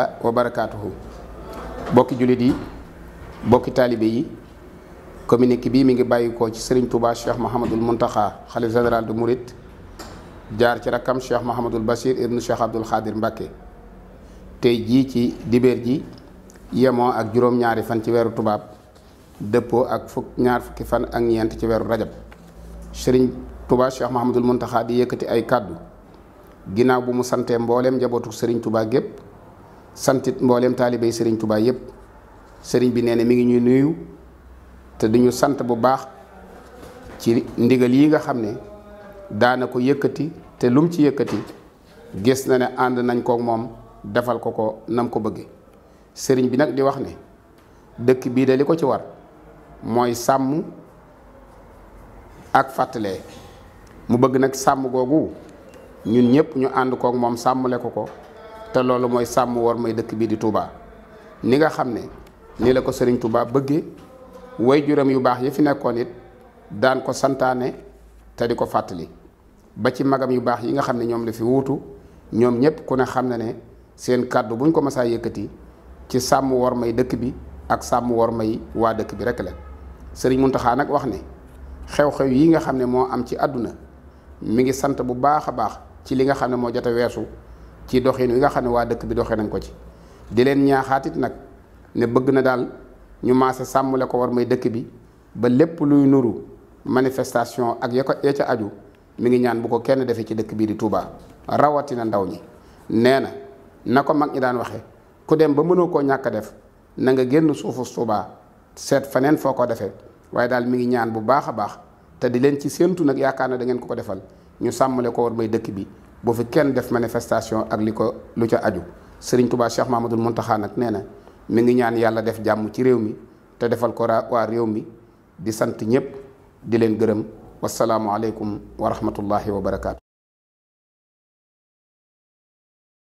wa barakaatuhu bokki jullit yi bokki taalibe yi communiqué bii mi ngi bàyyikoo ci sëriñ Touba Cheikh Mahamadul Muntaxa xalif général de Mouride jaar ci rakkam Cheikh Mahamadul Bachir ibnu Cheikh Abdul Xaadir Mbàkke tey jii ci dibeer ji yemoo ak juróom-ñaari fan ci weeru tubaab dëppoo ak fukk fukki fan ak ñeent ci weeru rajab sëriñ Touba Cheikh Mahamadul Muntaxa di yëkkati ay kàddu ginnaaw bu mu santee mbooleem njabootu sëriñ Touba gépp santit mbooleem taalibéy sëriñ Touba yépp sëriñ bi nee ne mu ngi ñuy nuyu te duñu sant bu baax ci ndigal yi nga xam ne daana ko yëkkati te lum ci yëkkati gis na ne ànd nañ kook moom defal ko ko nam ko bëgge sëriñ bi nag di wax ne dëkk bii de li ko ci war mooy sàmm ak fàttale mu bëgg nag sàmm googu ñun ñëpp ñu ànd kook moom sàmmale ko ko te loolu mooy sàmm war mooy dëkk bii di Touba ni nga xam ne nii la ko Serigne Touba bëggee way juram yu baax yi fi nekkoon it daan ko santaane te di ko fàttali ba ci magam yu baax yi nga xam ne ñoom la fi wuutu ñoom ñëpp ku ne xam na ne seen kàddu buñ ko masaa yëkkati ci sàmm war may dëkk bi ak sàmm war may waa dëkk bi rek la sëriñ Muntaxa nag wax ne xew-xew yi nga xam ne moo am ci àdduna mu ngi sant bu baax a baax ci li nga xam ne moo jot a ci doxin wi nga xam ne waa dëkk bi doxee nañ ko ci di leen ñaaxaatit nag ne bëgg na daal ñu maase sàmmule ko war may dëkk bi ba lépp luy nuru manifestation ak ya ko ya ca aju mi ngi ñaan bu ko kenn defee ci dëkk bii di Touba rawatina ndaw ñi nee na na ko mag ñi daan waxe ku dem ba mënoo koo ñàkk a def na nga génn suufu Touba seet faneen foo ko defee waaye daal mi ngi ñaan bu baax a baax te di leen ci séentu nag yaakaar na da ngeen ko ko defal ñu sàmmale ko war may dëkk bi boo fi kenn def manifestation ak li ko lu ca aju sëriñ Touba Cheikh Mahmadul Muntaxa nag nee na mi ngi ñaan yàlla def jàmm ci réew mi te defal ko waa réew mi di sant ñëpp di leen gërëm wasalaamualeykum wa rahmatullahi wa barakaatu.